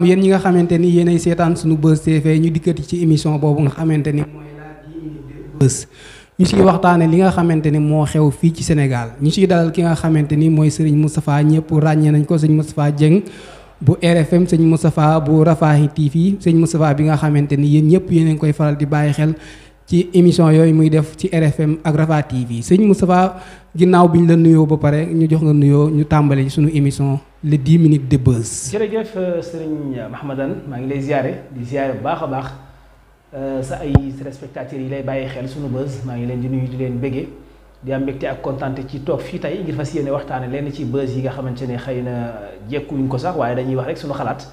am yéen ñi nga xamante ni yéenay seetaan suñu Buzz TV ñu dikkati ci émission boobu nga xamante ni mooy la 10 minutes Buzz ñu siy waxtaane li nga xamante ni moo xew fii ci Sénégal ñu siy ki nga xamante ni mooy sëriñ Moustapha ñëpp ràññee nañ ko sëñ Moustapha Dieng bu RFM sëñ Moustapha bu Rafahi TV sëñ Moustapha bi nga xamante ni yéen ñëpp yéen a ngi koy faral di bàyyi xel ci émission yooyu muy def ci RFM ak Rafa TV sëñ Moustapha ginnaaw bi ñu la nuyoo ba pare ñu jox nga nuyoo ñu tàmbali suñu émission les 10 minutes de buzz. jërëjëf euh, sëriñ Mahmadane maa ngi lay ziare di ziare bu baax a baax euh, sa ay téléspectateurs yi lay bàyyi xel sunu buzz maa ngi leen di nuyu di leen bëggee di am mbégte ak kontaante ci toog fii tey ngir fas yéene waxtaane lenn ci buzz yi nga xamante ne xëy na jekkuñ ko sax waaye dañuy wax rek sunu xalaat.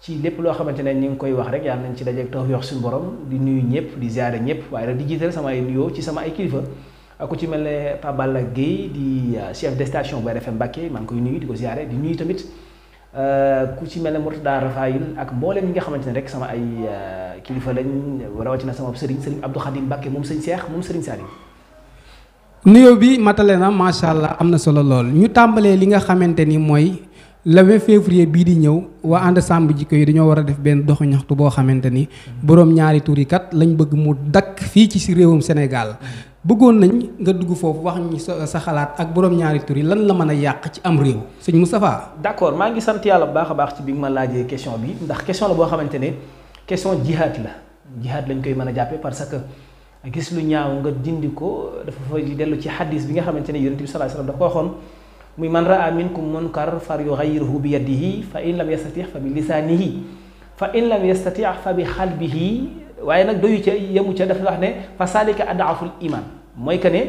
ci lépp loo xamante ne ni ngi koy wax rek yàlla nañ ci dajeeg taw yox suñu borom di nuyu ñëpp di ziare ñëpp waaye rek di jiital sama ay nuyoo ci sama ay kilifa ku ci mel ne Pape Balla di euh, chef de station bu RFM Mbacké maa ngi koy nuyu di ko ziare di nuyu tamit euh, ku ci mel ne Mourtada Rafaïl ak mboolem ñi nga xamante ne rek sama ay euh, kilifa lañ rawatina sama sëriñ sëriñ Abdou Khadim moom sëñ Cheikh moom sëriñ Saliou. nuyoo bi matale na macha allah am na solo lool ñu tàmbalee li nga xamante ni mooy le bii di ñëw waa ànd sàmm jikko yi dañoo war a def benn doxu ñaxtu boo xamante ni boroom ñaari tur yi kat lañ bëgg mu dakk fii ci si réewum Sénégal. bëggoon nañ nga dugg foofu wax ñu sa xalaat ak boroom ñaari turi lan la mën a yàq ci am réew sëñ Moustapha. d' accord maa ngi sant yàlla bu baax a baax ci bi nga ma laajee question bi ndax question la boo xamante ne question jihad la jihad lañ koy mën a jàppee parce que gis lu ñaaw nga dindi ko dafa fa dellu ci xadis bi nga xamante ne yonent bi sallallahu alayhi wasallam dafa ko waxoon muy man raa minkum munkar far yughayyiruhu bi yadihi fa in lam yastati' fa bi lisaanihi fa in lam yastati' fa bi qalbihi waaye nag doyu ca yemu ca dafa wax ne fa saalika adaaful iman mooy que ne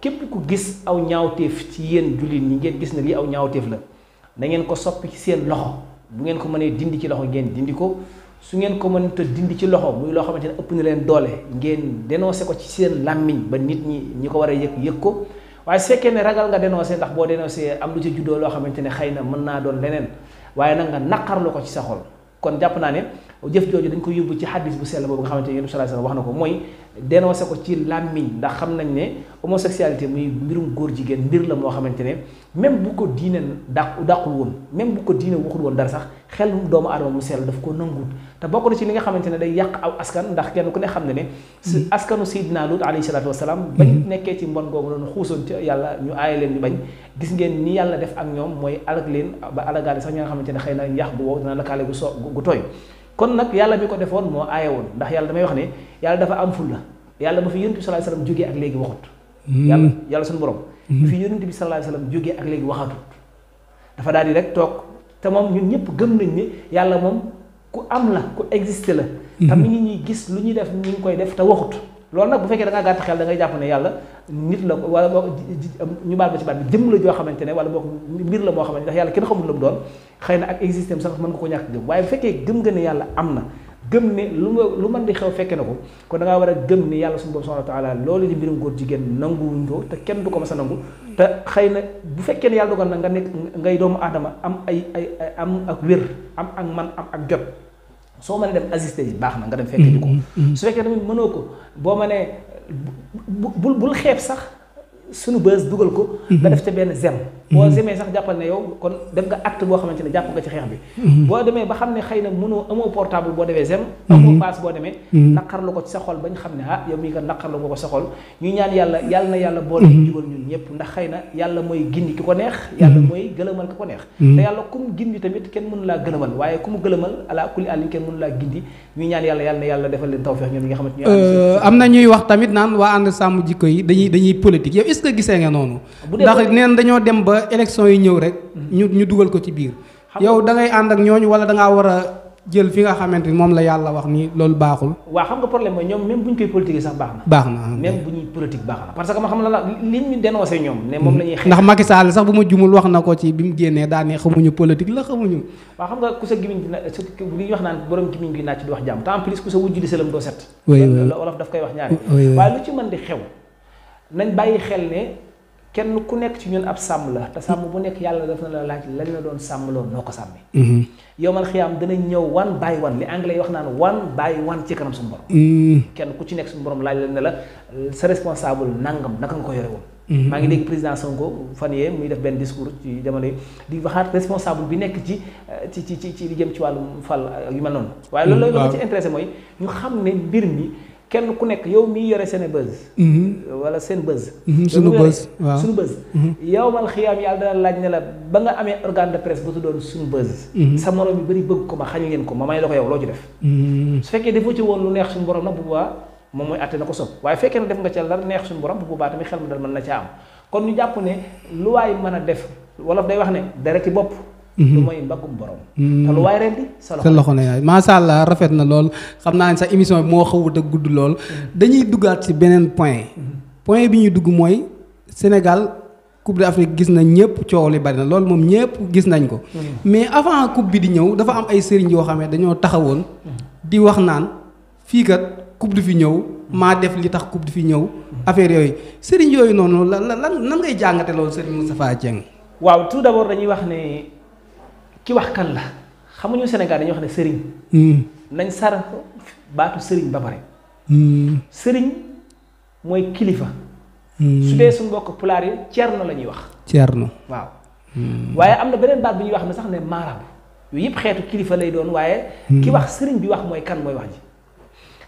képp ku gis aw ñaawteef ci yéen jullit ñi ngeen gis ne lii aw ñaawteef la na ngeen ko soppi ci seen loxo bu ngeen ko mënee dindi ci loxo ngeen dindi ko su ngeen ko mën mënta dindi ci loxo muy loo xamante ne ëpp na leen doole ngeen dénoncé ko ci seen làmmiñ ba nit ñi ñi ko war a yëg yëg ko waaye su fekkee ne ragal nga dénoncé ndax boo dénoncé am lu ci juddoo loo xamante ne xëy na mën naa doon leneen waaye nag nga naqarlu ko ci sa kon jàpp naa ne jëf jooju dañ ko yóbbu ci xaddis bu sell boobu nga xamante ne sallallahu alayhi wasallam wax na ko mooy dénoncé ko ci làmmiñ ndax xam nañ ne homosexualité muy mbirum góor jigéen mbir la moo xamante ne même bu ko diine dàq dàqul woon même bu ko diine waxul woon dara sax xel doomu aadama mu sell daf ko nanguut te bokk na ci li nga xamante ne day yàq aw askan ndax kenn ku ne xam ne ne si hmm. askanu Seydina Lut alayhi salaatu wasalaam bañ hmm. nekkee ci mbon googu noonu xuusoon ci yàlla ñu aaye leen ñu bañ gis ngeen ni yàlla def ak ñoom mooy alag leen ba alagaale sax ñi nga xamante ne xëy na yàq gu wow dana lakaale gu so gu tooy kon nag yàlla mi ko defoon moo aaye woon ndax yàlla damay wax ne yàlla dafa am fulla yàlla ba fi yonent bi sa alayhi wasallam ak léegi waxut hmm. yàlla yàlla suñu borom hmm. bi fi yonent bi sallallahu alayhi wasallam jógee ak léegi waxatut dafa daal di rek toog te moom ñun ñëpp gëm nañ ni yàlla moom ku am la ku existé la hmm. te mi ñu ñuy gis lu ñuy def ñu koy def te waxut loolu nag bu fekkee da gàtt xel da ngay jàpp ne yàlla nit la ko wala boo ñu baal ba ci baat bi jëmm la joo xamante ne wala boo mbir la moo xamante ne ndax yàlla kenn xamul la mu doon xëy na ak existence sax mën nga ko ñàkk gëm waaye bu fekkee gëm nga ne yàlla am na gëm ne lu ma lu mën di xew fekke ne ko kon da ngaa war a gëm ni yàlla suñu borom subhanahu wa taala loolu di mbirum góor jigéen nanguwuñ ko te kenn du ko mas a nangu te xëy na bu fekkee ne yàlla dogal na nga nekk ngay doomu aadama am ay ay am ak wér am ak man am ak jot soo mënee dem assister ji baax na nga dem fekk ji ko mm-hmm, mm-hmm. su fekkee tamit mënoo ko boo manee bul bul xeeb sax sunu bës dugal ko mm-hmm. nga def ca benn zem boo semee mhm. sax jàppal ne yow kon def nga acte boo xamante ne jàpp nga ci xeex bi mhm. boo demee ba xam ne xëy na mënoo amoo portable boo mhm. ko ah, ko sa xol ñu ñaan yàlla yàlla na yàlla boole ñu jubal ñun ñëpp ndax xëy na yàlla mooy gindi ki ko neex yàlla mënu laa na yàlla defal leen tawfeex euh, am na ñuy wax tamit naan waa ànd sàmm jikko yi dañuy dañuy politique yow est-ce que gisee nga noonu ah, ndax neen dañoo dem ba ba élection yi ñëw rek. ñu ñu dugal ko ci biir. yow da ànd ak ñooñu wala da war a jël fi nga xamante ni moom la yàlla wax ni loolu baaxul. waaw xam nga problème mooy ñoom même bu ñu koy politique sax baax na. baax bu ñuy politique baax na parce que ma xam la la li ñu dénoncé ñoom. ne moom la ñuy xeex ndax Macky Sall sax bu ma jumul wax na ko ci bi mu génnee daane xamuñu politique la xamuñu. waaw xam nga ku sa gimiñ dina sa li ñu wax naan borom gimiñ gi naaj ci jàmm te ku sa wujj di sëlam kenn ku nekk ci ñun ab sàmm la te sàmm bu nekk yàlla daf na la laaj lañ la doon sàmmloo noo ko sàmmee. Mm-hmm. yowmal xiyaam danañ ñëw one by one li anglais yi wax naan one by one ci kanam suñu borom. Mm-hmm. kenn ku ci nekk suñu borom laaj la ne la sa responsable nangam naka nga ko yore woon. Mm-hmm. maa ngi dégg président Sonko fan yee muy def benn discours ci jamono di waxaat responsable bi nekk euh, ci ci ci ci li jëm ci wàllum fal yu ma noonu. waaye loolu la ci intéressé mooy ñu kenn ku nekk yow mii yore seen buzz mhm. wala seen buzz mhm, sunu buzz waaw sunu buzz mhm. yow mal xiyaam yàlla dana laaj ne la ba nga amee organe de presse ba tu doon sunu buzz sa morom yu bëri bëgg ko ma xañ leen ko ma may la ko yow loo ci def su fekkee defoo ci woon lu neex suñu borom nag bu boobaa moom mooy àtte na ko sopp waaye fekkee ne def nga ca la neex suñu borom bu boobaa tamit xel mu dal mën na caa am kon ñu jàpp ne lu waay mën a def wolof day wax ne dereti bopp Mm-hmm. lu mooy mbagum borom mm-hmm. te lu waay rendi sa loxo na yaay macha allah rafet na lool xam naa ne sax émission bi moo xawut a gudd lool mm-hmm. dañuy duggaat ci beneen point point bi ñuy dugg mooy Sénégal coupe d'Afrique gis nañ ñëpp coow li bari na lool moom ñëpp gis nañ ko mais avant coupe bi di ñëw dafa am ay sëriñ yoo xam ne dañoo taxawoon di wax naan fii kat coupe du fi ñëw maa def li tax coupe du fi ñëw affaire yooyu sëriñ yooyu noonu la lan la ngay jàngate loolu sëriñ Moustapha Dieng waaw tout d'abord ki wax kan la xamuñu Sénégal dañuy wax ne sëriñ. Hmm. nañ ko baatu sëriñ ba pare. Hmm. sëriñ mooy kilifa. Hmm. su dee suñu mbokk pulaar yi cerno la ñuy wax. cerno waaw. waaye am na beneen baat bu ñuy wax ne sax ne maaraam yooyu yëpp xeetu kilifa lay doon waaye. ki wax sëriñ bi wax mooy kan mooy wax ji.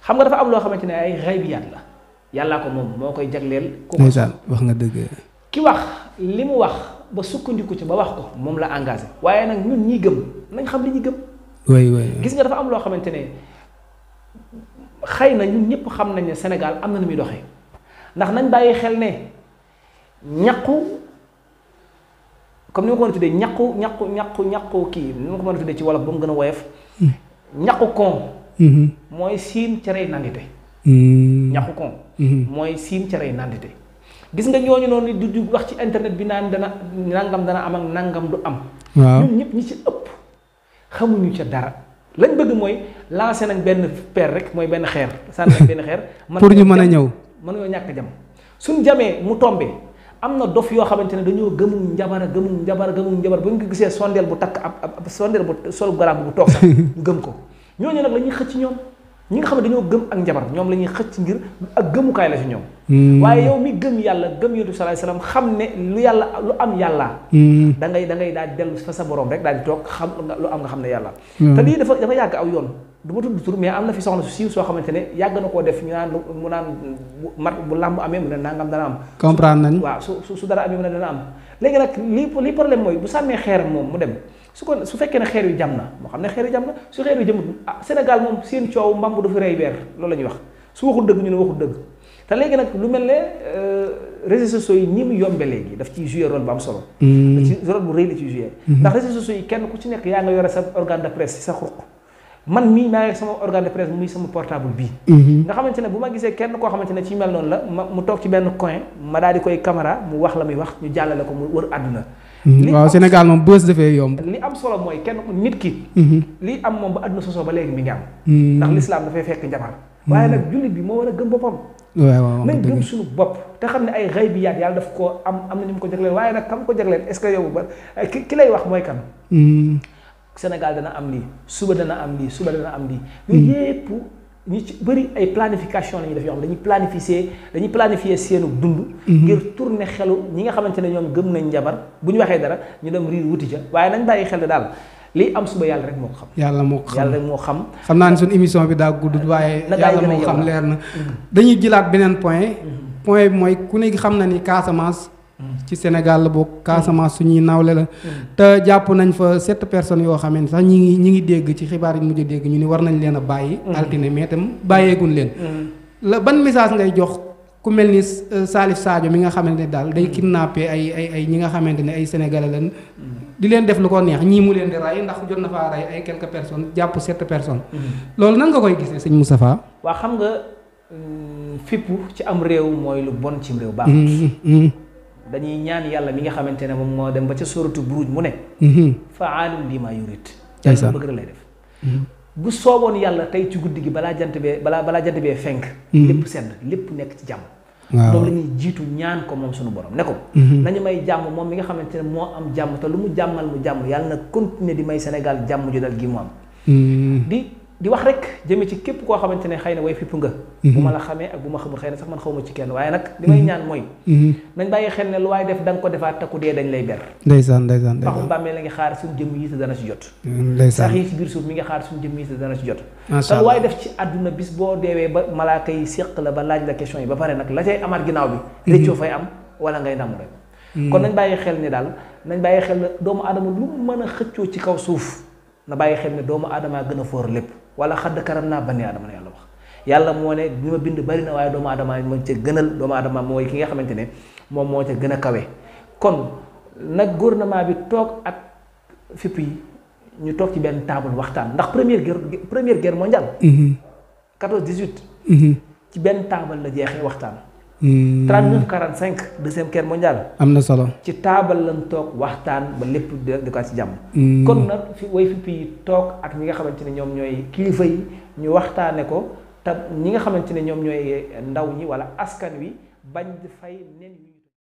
xam nga dafa am loo xamante ne ay xaybiyaat la yàllaa ko moom moo koy jagleel. ku ko wax nga dëgg. ki wax li mu wax. ba sukkandiku ci ba wax ko moom la engagé waaye nag ñun ñi gëm nañ xam li ñuy gëm. waay gis nga dafa am loo xamante ne xëy na ñun ñëpp xam nañ ne Sénégal am na nu muy doxee ndax nañ bàyyi xel ne ñaqu comme ni ma ko mën ñaqu ñaqu ñaqu kii ni ko mën a ci wolof ba gën a woyof. Hmm. ñaqu hmm. mooy siin cere nandite. Hmm. ñaqu kon. mooy siin cere nandite. gis nga ñooñu noonu du du wax ci internet bi naan dana nangam dana am ak nangam du am. waaw ñun ñëpp ñi ci ëpp xamuñu ca dara. lañ bëgg mooy lancé nañ benn per rek mooy benn xeer sànni nañ benn xeer. pour ñu mën a ñëw mën ñoo ñàkk jam suñ jamee mu tombé am na dof yoo xamante ne dañoo gëmuñ njabara gëmuñ njabara gëmuñ njabara ba ñu ko gisee sondeel bu takk ab ab sondeel bu sol garab bu toog sax gëm ko ñooñu nag la xëcc ñoom ñi nga xam ne dañoo gëm ak njabar ñoom la ñuy xëcc ngir ak gëmukaay la si ñoom. Hmm. waaye yow mi gëm yàlla gëm yonent bi salaay salaam xam ne lu yàlla lu am yàlla. Hmm. da ngay da ngay daal dellu fa sa borom rek daal di toog xam lu am nga xam ne yàlla. Hmm. te lii dafa dafa aw yoon. du ma tudd mais am na fi soxna su siiw soo xamante ne yàgg na koo def ñu naan naan mat bu làmb amee mu ne nangam dana nañ waaw su su dara amee mu ne dana am. léegi nag li li problème mooy bu sàmmee xeer moom mu dem su ko su fekkee ne xeer yu jam na moo xam ne xeer yu jam na su xeer yu jëmut ah Sénégal moom seen coow mbambu dafa rey weer loolu la ñuy wax su waxul dëgg ñu ne waxul dëgg te léegi nag lu mel ne euh, réseaux sociaux yi ni mu yombee léegi daf ci joué rôle bu am solo. Hmm. da ci rôle bu rëy la ciy joué. Hmm. ndax réseaux sociaux yi kenn ku ci nekk yaa nga yore sa organe de presse sa xuruq. man mii maa ngi sama organe de presse muy sama portable bii. Mhm. nga xamante ne bu ma gisee kenn koo xamante ne ci mel noonu la ma mu toog ci benn coin ma daal di koy caméra mu wax la muy wax ñu jàllale ko mu wër àdduna. Mhm. waaw Sénégal moom bës dafee yomb. li am solo mooy kenn nit ki. Mhm. li am moom ba àdduna sosoo ba léegi mi ngi am. ndax lislaam dafay fekk njabar. waaye nag jullit bi moo war a gëm boppam. waaw nañ gëm suñu bopp te xam ne ay xëy bi yaat yàlla daf ko am am na ñu mu ko jagleel waaye nag kam ko jagleel est-ce que yow ba ki ki lay wax mooy kan. Sénégal dana am lii suba dana am lii suba dana am lii. yooyu hmm. yëpp ñu ci bëri ay planification la ñuy def yoo xam dañuy planifier dañuy planifier seenu dund. Hmm. ngir tourner xelu ñi nga xamante ne ñoom gëm nañ njabar bu ñu waxee dara ñu dem wuti ca waaye nañ bàyyi xel daal. li am suba yàlla rek moo xam. yàlla moo ko moo xam. xam naa émission bi daa gudd waaye. yàlla moo xam leer na. Hmm. dañuy jëlaat beneen point. point mooy ku ne xam na ni Casamance. ci Sénégal la bokk Casamance suñuy nawle la te jàpp nañ fa sept personnes yoo xam sax ñi ngi ñi ngi dégg ci xibaar yi mujj dégg ñu ni war nañ leen a bàyyi mm. altine mais tam bàyyeegun leen mm. la ban message ngay jox ku mel ni euh, Salif Sadio mi nga xamante ne daal day mm. kidnappé ay ay ay ñi nga xamante ne ay sénégalais lañ di leen def lu ko neex ñii mu leen di ray ndax jot na faa ray ay quelques personnes jàpp sept personnes. loolu nan nga koy gisee sëñ Moustapha. waa xam nga euh, fippu ci am réew mooy lu dañuy ñaan yàlla mi nga xamante ne moom moo dem ba ca soratu buruj mu ne mhm. faalum lima yurid yàlla bëgg lay def mhm. bu sooboon yàlla tey ci guddi gi balaa jant bee balaa balaa jant bee fenk mhm. lépp sedd lépp nekk ci jàmm waaw moom la ñuy jiitu ñaan ko moom suñu borom ne ko nañu may jàmm moom mi nga xamante ne moo am jàmm te lu mu jàmmal mu jàmm yàlla na continuer di may Sénégal jàmm ju dal gi mu am di di wax rek jëmee ci képp koo xamante ne xëy na way fipp nga mhm. bu ma la xamee ak bu ma xamul xëy na sax man xawma ci kenn waaye nag li may mhm. ñaan mooy mhm. nañ bàyyi xel ne lu waaye def ko defaat te ku dee lay ber ndeysaan ndeysaan ndeysaan bàmmee mm, ci mi ngi xaar suñu jëm yi te dana ci jot àdduna bis boo deewee ba malaaka yi séq la ba laaj la question yi ba pare nag la cay amaat ginnaaw bi réccoo fay am wala ngay ndam rek mm. kon nañ bàyyi xel ni daal nañ bàyyi xel doomu aadama lu mën a xëccoo ci kaw suuf na bàyyi xel ne doomu aadamaa gën a foor lépp wala xadd karam naa bani aadama la yàlla wax yàlla moo ne bi ma bind bari na waaye doomu aadamaa moo ca gënal doomu aadamaa mooy ki nga xamante ne moom moo ca gën a kawe kon nag gouvernement bi toog ak fipp yi ñu toog ci benn table waxtaan ndax première guerre première guerre mondiale 14 mhm. 18 mhm. ci benn taabal la jeexee waxtaan 39 hmm. 45 deuxième guerre mondiale. am na solo ci taabal lañ toog waxtaan ba lépp di ko ci jàmm. Hmm. kon nag fi way fipp yi toog ak ñi nga xamante ne ñoom ñooy kilifa yi ñu waxtaane ko te ñi nga xamante ne ñoom ñooy ndaw ñi wala askan wi bañ di fay nen.